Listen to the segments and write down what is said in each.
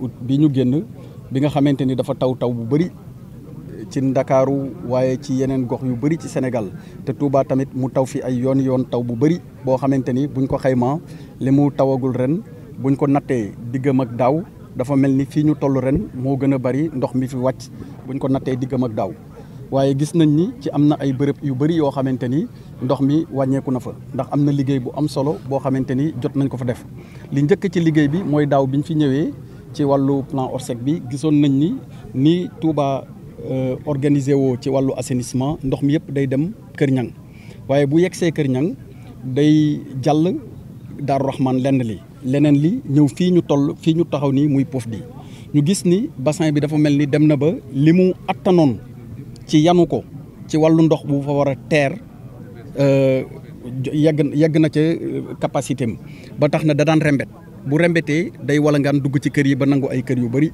ut bi ñu génn bi nga xamante ni dafa taw taw bu bëri ci ndakaaru waaye ci yeneen gox yu bëri ci senegal te tuubaa tamit mu taw fi ay yoon yoon taw bu bëri boo xamante ni buñ ko xaymaa li mu tawagul ren buñ ko nattee diggam ak daaw dafa mel ni fii ñu toll ren moo gën a bëri ndox mi fi wàcc buñ ko nattee diggam ak daaw waaye gis nañ ni ci am na ay bërëb yu bëri yoo xamante ni ndox mi wàññeeku na fa ndax am na liggéey bu am solo boo xamante ni jot nañ ko fa def li njëkk ci liggéey bi mooy daaw biñ fi ñëwee ci wàllu plan ORSEC bi gisoon nañ ni ni Touba euh, organisé woo ci wàllu assainissement ndox mi yëpp day dem Kër Ñang waaye bu yegsee Kër Ñang day jàll Daaru Rahman lenn li leneen li ñëw fii ñu toll fii ñu taxaw nii muy Pofdy ñu gis ni bassin bi dafa mel ni dem na ba li mu attanoon ci yanu ko ci wàllu ndox bu fa war a teer euh, yegg yegg na ca euh, capacité ba tax na da daan rembet bu rembetee day walangaan dugg ci kër yi ba nangu ay kër yu bëri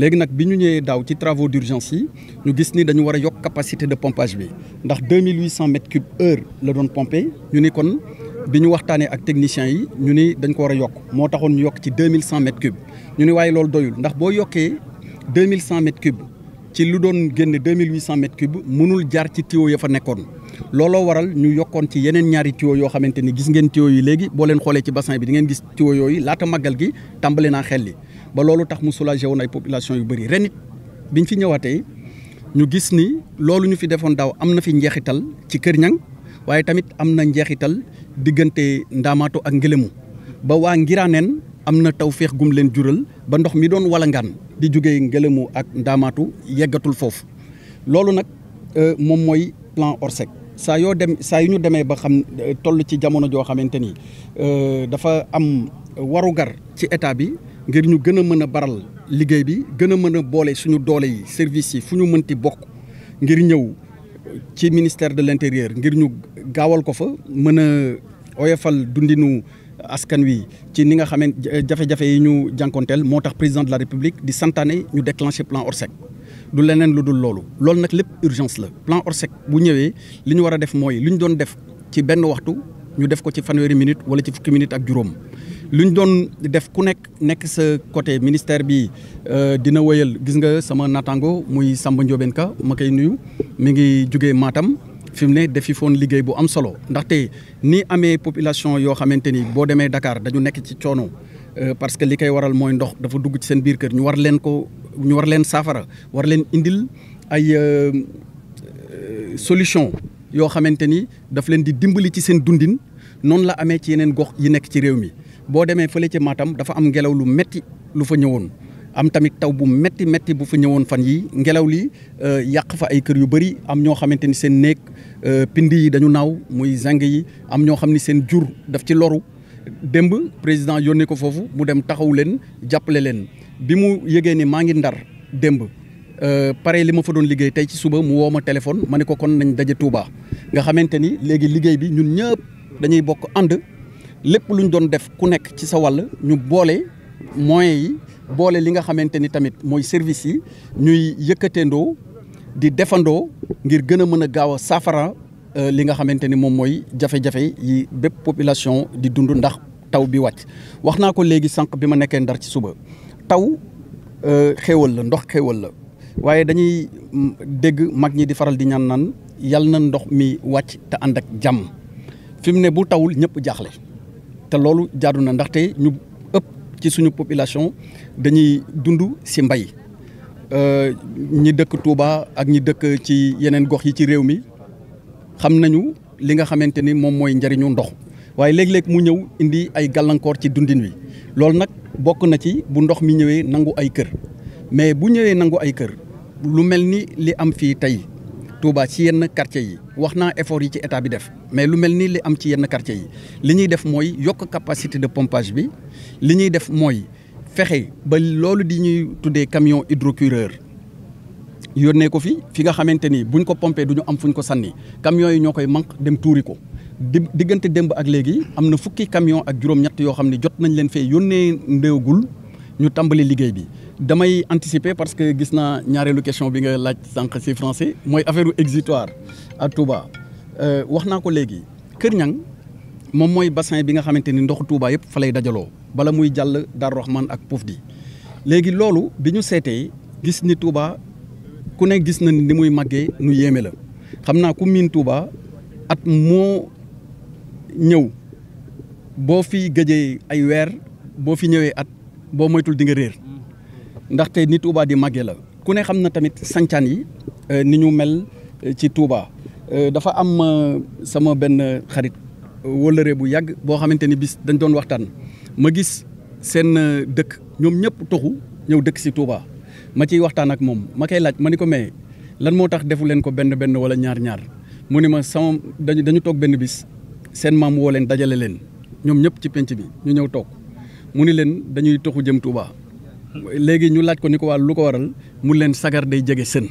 léegi nag bi ñu ñëwee daaw ci travaux d'urgence yi ñu gis ni dañu war a yokk capacité de pompage bi ndax 2800 mètres cubes heure la doon pompé ñu ni kon bi ñu waxtaanee ak techniciens yi ñu ni dañ ko war a yokk moo taxoon ñu yokk ci 2100 mètres cubes ñu ni waaye loolu doyul ndax boo yokkee 2100 mètres cubes ci lu doon génn 2800 mètres cubes mënul jaar ci tuyau ya fa nekkoon looloo waral ñu yokkoon ci yeneen ñaari tuyau yoo xamante ni gis ngeen tuyau yi léegi boo leen xoolee ci bassin bi di ngeen gis tuyau yooyu laata màggal gi tàmbale naa xel li ba loolu tax mu soulagé woon ay population yu bëri ren bi ñu fi ñëwaatee ñu gis ni loolu ñu fi defoon daaw am na fi njeexital ci Kër Ñang waaye tamit am na njeexital diggante Ndaamaatu ak Ngélému ba waa Ngiraaneen am na taw féex gum leen jural ba ndox mi doon walangaan di jógee Ngélému ak Ndaamaatu yeggatul foofu loolu nag euh, moom mooy plan saa yoo dem saa yu ñu demee ba xam euh, toll ci jamono joo xamante ni euh, dafa am warugar ci état bi ngir ñu gën a mën a baral liggéey bi gën a mën a boole suñu doole yi service yi fu ñu mënti bokk ngir ñëw ci ministère de l'intérieur ngir ñu gaawal ko fa mën a oyofal dundinu. askan wi ci ni nga xamee jafe-jafe yi ñu jànkonteel moo tax président de la république di santaane ñu déclencher plan Orsec du leneen lu dul loolu loolu nag lépp urgence la plan Orsec bu ñëwee li ñu war a def mooy li ñu doon def ci benn waxtu ñu def ko ci fanweeri minute wala ci fukki minute ak juróom lu ñu doon def ku nekk nekk sa côté ministère bi euh, dina wëyal gis nga sama naataango muy Samba Ndiobène Ka ma koy nuyu mi ngi jugee maatam fi mu ne defi foon liggéey bu am solo ndaxte ni amee population yoo xamante ni boo demee dakaar dañu nekk ci coono euh, parce que li koy waral mooy ndox dafa dugg ci seen biir kër ñu war leen ko ñu war leen saafara war leen indil ay euh, euh, solution yoo xamante ni daf leen di dimbali ci seen dundin noonu la amee ci yeneen gox yi nekk ci réew mi boo demee fële ci Matam dafa am ngelaw lu metti lu fa ñëwoon am tamit taw bu métti métti bu fa ñëwoon fan yi ngelaw li euh, yàq fa ay kër yu bëri am ñoo xamante ni seen néeg euh, pind yi dañu naaw muy zang yi am ñoo xam ni seen jur daf ci loru démb président yónnee ko foofu mu dem taxaw leen jàppale leen bi mu yëgee ni maa ngi ndar démb euh, pare li ma fa doon liggéey tey ci suba mu woo ma téléphone ma ne ko kon nañ daje Touba nga xamante ni léegi liggéey bi ñun ñëpp dañuy bokk ànd lépp lu ñu doon def ku nekk ci sa wàll ñu boole moyens yi boole li nga xamante ni tamit mooy service yi ñuy yëkkateendoo di defandoo ngir gën a mën a gaaw a saafara euh, li nga xamante ni moom mooy jafe-jafe yi bépp population di dund ndax taw bi wàcc wax naa ko léegi sànq bi ma nekkee ndar ci suba taw euh, xéewal la ndox xéewal la waaye dañuy mm, dégg mag ñi di faral di ñaan naan yal na ndox mi wàcc te ànd ak jàmm fi mu ne bu tawul ñëpp jaaxle te loolu jaadu na ndaxte ñu ci suñu population dañuy dund si mbay euh, ñi dëkk Touba ak ñi dëkk ci yeneen gox yi ci réew mi xam nañu li nga xamante ni moom mooy njëriñu ndox waaye léeg-léeg mu ñëw indi ay gàllankoor ci dundin wi loolu nag bokk na ci bu ndox mi ñëwee nangu ay kër mais bu ñëwee nangu ay kër lu mel ni li am fii tey Touba ci yenn quartier yi wax naa effort yi ci état bi def mais lu mel nii li am ci yenn quartier yi li ñuy def mooy yokk capacité de pompage bi li ñuy def mooy fexe ba loolu di ñuy tuddee camion hydrocureur yónnee ko fi fi nga xamante ni buñ ko pompé du ñu am fuñ ko sànni camions yi ñoo koy manque dem tuuri ko diggante démb ak léegi am na fukki camion ak juróom-ñett yoo xam ne jot nañ leen fee yónnee ndéewgul ñu tàmbali liggéey bi damay anticiper parce que gis naa ñaareelu question bi nga laaj sànq si français mooy affaire exitoire à Touba euh, wax naa ko léegi Kër Ñang moom mooy bassin bi nga xamante ni ndox Touba yëpp fa lay dajaloo bala muy jàll Darou Rahman ak di léegi loolu bi ñu seetee gis ni Touba ku ne gis na ni muy màggee mu yéeme la xam naa ku miin Touba at moo ñëw boo fi gëjee ay weer boo fi ñëwee at boo moytul di nga réer. ndaxte ni Touba di màggee la ku ne xam na tamit sancaan yi euh, ni ñu mel euh, ci tuubaa euh, dafa am sama benn xarit wëllëre bu yàgg boo xamante ni bis dañ doon waxtaan ma gis seen dëkk ñoom ñëpp toxu ñëw dëkk si Touba ma ciy waxtaan ak moom ma koy laaj ma ni ko mais lan moo tax defu leen ko benn benn wala ñaar ñaar mu ni ma sama dañu dañu toog benn bis seen maam woo leen dajale leen ñoom ñëpp ci penc bi ñu ñëw toog mu ni leen dañuy toxu jëm tuubaa léegi ñu laaj ko ni ko wàll lu ko waral mun leen sagar day jege sën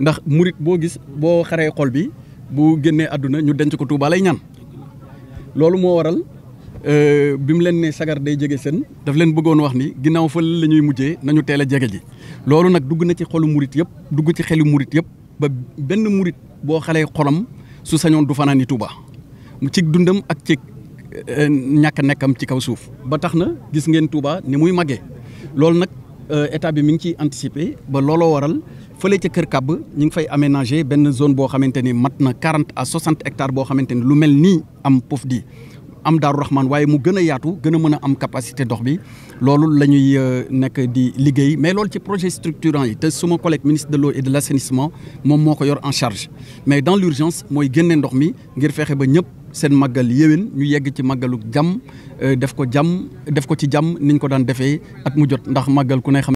ndax murit boo gis boo xaree xol bi bu génnee àdduna ñu denc ko Tuuba lay ñaan loolu moo waral euh, bi mu leen ne sagar day jege sën daf leen bëggoon wax ni ginnaaw fa la ñuy mujjee nañu teel a jege ji loolu nag dugg na ci xolu murit yëpp dugg ci xelu murit yëpp ba benn murit boo xalee xolam su sañoon du fanaan ni Tuuba mu cig dundam ak ci euh, ñàkk nekkam ci kaw suuf ba tax na gis ngeen Tuuba ni muy màggee loolu nag euh, état bi mi ngi ciy anticiper ba looloo waral fële ci Kër Kàbb ñu ngi fay aménager benn zone boo xamante ni mat na quarante à soixante hectares boo xamante ni lu mel nii am pof di am Daaru Rahman waaye mu gën a yaatu gën a mën a am capacité ndox bi loolu la ñuy euh, nekk di liggéey mais loolu ci projet structurant yi te suma collègue ministre de l'eau et de l'assainissement moom moo ko yor en charge mais dans l'urgence mooy génne ndox mi ngir fexe ba ñëpp seen màggal yéwén ñu yegg ci màggalu jàmm euh, def ko jam def ko ci jam niñ ko daan defee at mu jot ndax màggal ku ne xam